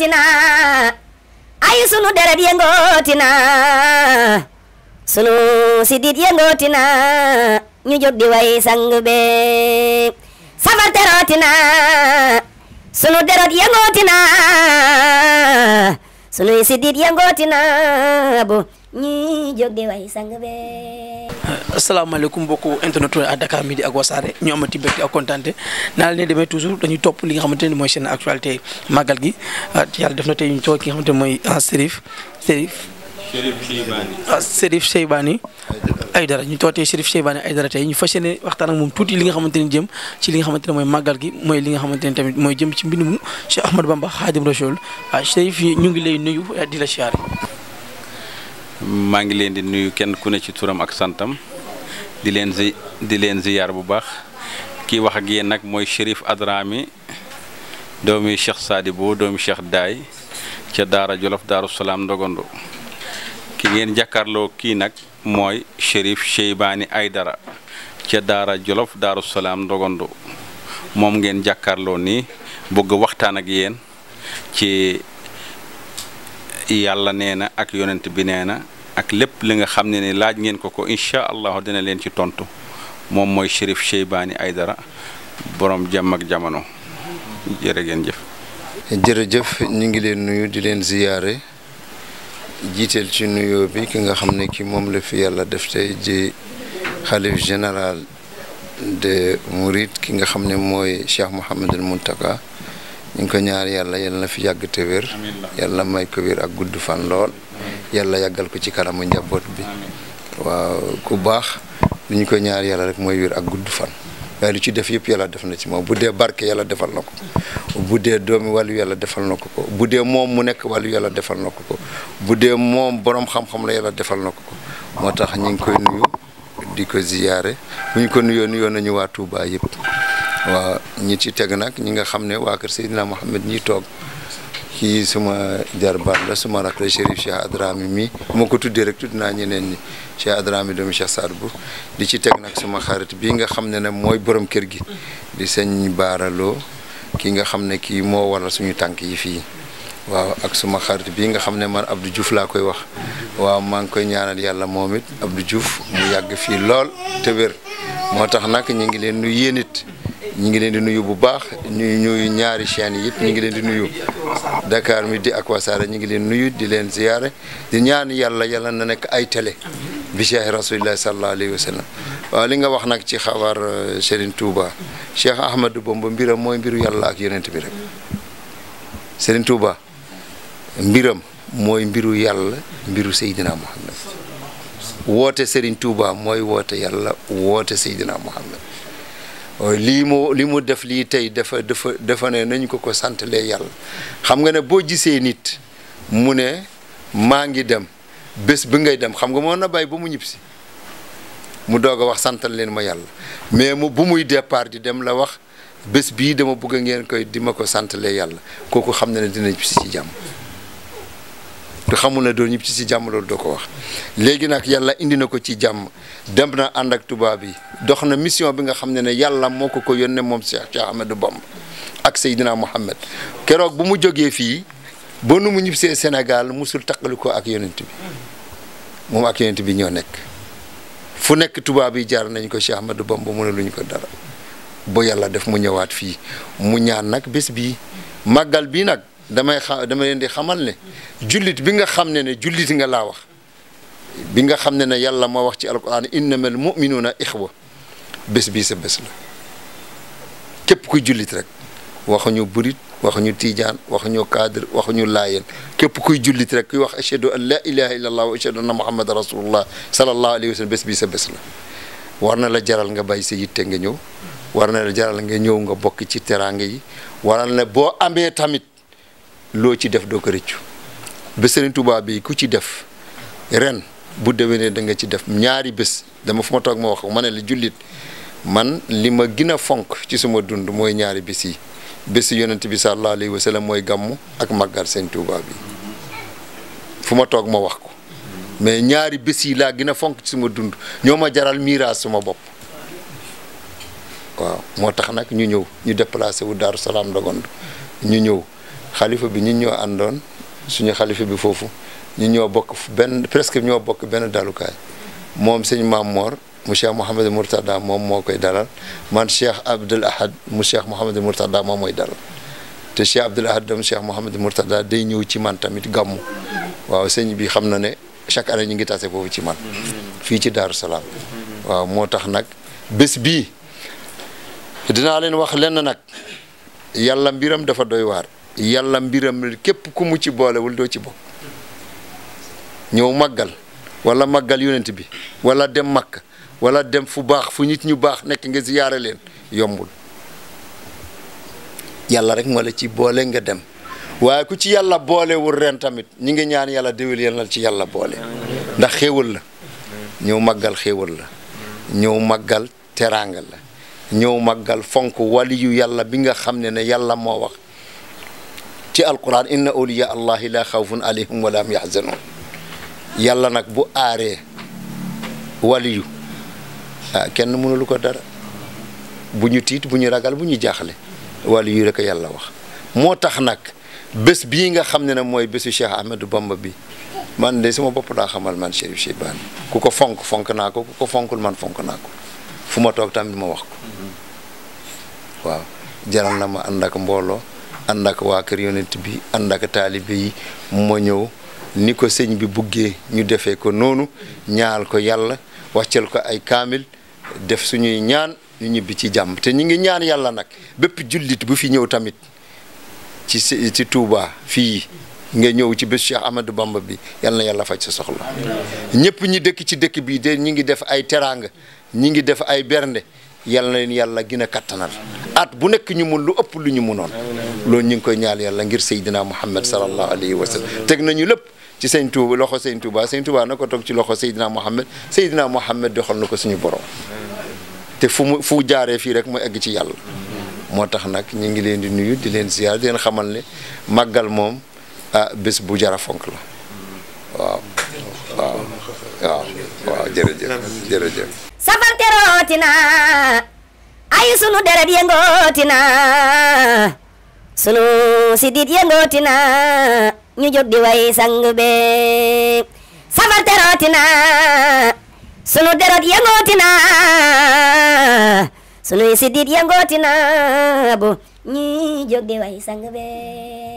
yëngootina ay sunu deret yëngootina sunu sidit yëngootina ñu jóg di way sang be safar terootina sunu deret yëngootina sunu sidit yëngootina bu ñu jóg di way sang asalaamaaleykum mbokku internet à Dakar midi ak wasaare ñu amati bëgg ak kontante naa leen demee toujours dañuy topp li nga xamante ne mooy seen actualité màggal gi ah, yàlla def na tey ñu toog ki nga xamante ne mooy ah, Serif Serif. Serif Cheybani ah, Serif Cheybani Aydara ñu tootee Serif Cheybani Aydara tey ñu fas yéene waxtaan ak moom tuuti li nga xamante ne jëm ci li xamante ne mooy màggal gi mooy li nga xamante ne tamit mooy jëm ci mbindum Cheikh Ahmad Bamba Xaadim Rasul Serif ñu ngi lay nuyu di la siyaare maa ngi leen di nuyu kenn ku ne ci turam ak santam di leen zi di leen ziyaar bu baax kii wax ak yéen nag mooy Chérif Adrami doomi Cheikh Sadibou doomi Cheikh Daay ca Daara Jolof Daaru Salaam ki ngeen jàkkaarloo kii nag mooy Chérif Cheybani Aydara ca Daara Jolof Daaru Salaam Ndogondo moom ngeen jàkkaarloo nii bëgg waxtaan ak yeen ci yàlla nee na ak yonent bi nee na ak lépp li nga xam ne ni laaj ngeen ko ko incha allah dina leen ci tontu moom mooy Chérif Cheybani Aidara borom jàmm ak jamono jërë ngeen jëf. jërëjëf ñu ngi leen nuyu di leen ziyaare jiiteel ci nuyoo bi ki nga xam ne ki moom la fi yàlla def tey ji xalif général de Mouride ki nga xam ne mooy Cheikh Mouhamadul Muntaka ñu ko ñaar yàlla yàlla na fi yàgg te wér yàlla may ko ak gudd fan lool yàlla yàggal ko ci kanamu njaboot bi waaw ku baax li ko ñaar yàlla rek mooy wér ak gudd fan waaye lu ci def yëpp yàlla def na ci moom bu dee barke yàlla defal na ko bu dee doomi wàllu yàlla defal na ko ko bu dee moom mu nekk wallu yàlla defal na ko ko bu dee moom boroom xam-xam la yàlla defal na ko ko moo tax ñu ngi koy nuyu di ko ziyaare bu ñu ko nuyoo nuyoo nañu waa Touba yëpp waaw ñi ci teg nag ñi nga xam ne waa kër Seydina Mohamed ñi toog kii suma jar la suma rakk la Chérif Cheikh Adrami mi moo ko tuddee rek tudd naa ñeneen ñi Cheikh Adrami doomu Cheikh Saad Bou di ci teg nag suma xarit bi nga xam ne ne mooy borom kër gi di sëñ baaraloo ki nga xam ne kii moo waral suñu tànk yi fii waaw ak suma xarit bii nga xam ne man Abdou Diouf laa koy wax waaw maa ngi koy ñaanal yàlla moom it Abdou Diouf mu yàgg fii lool te wér moo tax nag ñu ngi leen nu ñu ngi leen di nuyu bu baax ñuy ñuy ñaari chaînes yi it ñu ngi leen di nuyu Dakar Midi ak Wassare ñu ngi leen nuyu di leen ziyaare di ñaan yàlla yàlla na nekk ay télé bi cheikh rasulillahi sallallahu alayhi waaw li nga wax nag ci xabaar euh, Serigne Touba Cheikh Ahmadou Bamba mbiram mooy mbiru yàlla ak yonent bi rek Serigne Touba mbiram mooy mbiru yàlla mbiru Seydina Muhammad woote Serigne tuuba mooy woote yàlla woote Seydina Muhammad Euh, lii moo li mu def lii tey dafa dafa dafa ne nañ ko ko santalee yàlla xam nga ne boo gisee nit mu ne maa ngi dem bés bi ngay dem xam nga moo na bàyyi ba mu ñibbisi mu doog a wax santal leen ma yàlla mais mu bu muy départ di dem la wax bés bii dama bëgg ngeen koy di ma ko santalee yàlla kooku xam na ne dina ñibbisi ci jàmm te xamul ne doon ñibbi si si jàmm loolu doo ko wax léegi nag yàlla indi na ko ci jàmm dem na ànd ak tubaab yi dox na mission bi nga xam ne ne yàlla moo ko ko yónnee moom Cheikh Ahmadou Bamba ak Seydina Mohamed keroog bu mu jógee fii ba nu mu ñibbisee Sénégal musul taqali ko ak yonent bi moom ak yonent bi ñoo nekk fu nekk tubaab yi jaar nañ ko Cheikh Ahmadou Bamba mu ne luñ ko dara ba yàlla def mu ñëwaat fii mu ñaan nag bés bii màggal bii nag. damay xa dama leen di xamal ne jullit bi nga xam ne ne jullit nga laa wax bi nga xam ne ne yàlla moo wax ci alquran innamal muminuuna ixwa bés bii sa bés la képp kuy jullit rek waxuñu burit waxuñu tiijaan waxuñu cadre waxuñu laayeen képp kuy jullit rek kuy wax ashhadu an laa ilaha illa allah wa ashhadu anna muhammadan rasulullah sallallahu alayhi wa bés bii sa bés la war na la jaral nga bàyyi sa yitte nga ñëw war na la jaral nga ñëw nga bokk ci teraanga yi amee tamit loo ci def doo ko rëccu ba Serigne Touba bi ku ci def ren bu déwénee da nga ci def ñaari bés dama fu ma toog ma wax ma ne la jullit man li ma gën a fonk ci suma dund mooy ñaari bés yi bés yonent bi sallallahu alayhi mooy gàmmu ak màggal Serigne fu ma toog ma wax ko mais ñaari bés yi laa gën a fonk ci suma dund ñoo ma jaral miiraas suma bopp waaw moo tax nag ñu ñëw ñu déplacé wu Daaru Salaam Ndogondu ñu ñëw xalifa bi ñu ñëw àndoon suñu xalifa bi foofu ñu ñoo bokk benn presque ñoo bokk benn dalukaay moom sëñ Maam Moor mu Cheikh Mouhamadou Mourtada moom moo koy dalal man Cheikh Abdoul Ahad mu Cheikh Mouhamadou Mourtada moom mooy dalal te Cheikh Abdoul Ahad doomu Cheikh Mouhamadou Mourtada day ñëw ci man tamit gàmmu waaw sëñ bi xam na ne chaque année ñu ngi tase foofu ci man fii ci Daaru Salaam waaw moo tax nag bés bi dinaa leen wax lenn nag yàlla mbiram dafa doy waar yàlla mbiram képp ku mu ci boolewul doo ci bokk ñëw màggal walla màggal yonent bi wala dem màkk wala dem fu baax fu nit ñu baax nekk nga ziyaare leen yombul yàlla rek moo la ci boole nga dem waaye ku ci yàlla boolewul ren tamit ñu ngi ñaan yàlla déwél yal na ci yàlla boole ndax xéewal la ñëw màggal xéewal la ñëw màggal teraanga la ñëw màggal fonk waliyu yàlla bi nga xam ne ne yàlla moo wax ci alquran inna awliya allahi la xawfun alayhim wala am yaxzanun yàlla nag bu aaree waliyu ah, kenn mënulu ko dara bu ñu tiit bu ñu ragal bu ñu jaaxle waliyu rek yàlla wax moo tax nag bés bii nga xam ne ne mooy bésu Cheikh Ahmadou Bamba bi man de sama bopp daa xamal man Chérif Cheibani ku ko fonk fonk naa ko ku ko fonkul man fonk naa ko fu ma toog tamit ma wax ko mm-hmm. waaw jaral na ma ànd ak mbooloo ànd ak waa kër yonent bi ànd ak taalibe yi ma ñëw ni ko sëñ bi buggee ñu defee ko noonu ñaal ko yàlla wàccal ko ay kaamil def suñuy ñaan ñu ñibbi ci jàmm te ñu ngi ñaan yàlla nag bépp jullit bu fi ñëw tamit ci ci Touba fii nga ñëw ci bés Cheikh Amadou Bamba bi yal na yàlla faj sa soxla ñëpp ñi dëkk ci dëkk bi de ñi ngi def ay teraanga ñi ngi def ay bernde yal na yàlla gën a kattanal bu nekk ñu mun lu ëpp lu ñu munoon lool ñu ngi koy ñaan yàlla ngir Seydina Muhammad sallallahu alayhi wa sallam teg nañu lépp ci sëñ Tuuba loxo sëñ Tuuba sëñ Tuuba na ko toog ci loxo Seydina Muhammad Seydina Muhammad doxal na ko suñu borom te fu mu fu jaaree fii rek mu egg ci yàlla moo tax nag ñu ngi leen di nuyu di leen ziar di leen xamal ne màggal moom ah bés bu jara fonk la waaw waaw waaw waaw jërëjëf jërëjëf safar terootina ay sunu deret sunu sidit yëngooti na ñu jóg di way sang be safar terooti na sunu derot yëngooti na sunu sidit yëngooti na bu ñu jóg di way sang be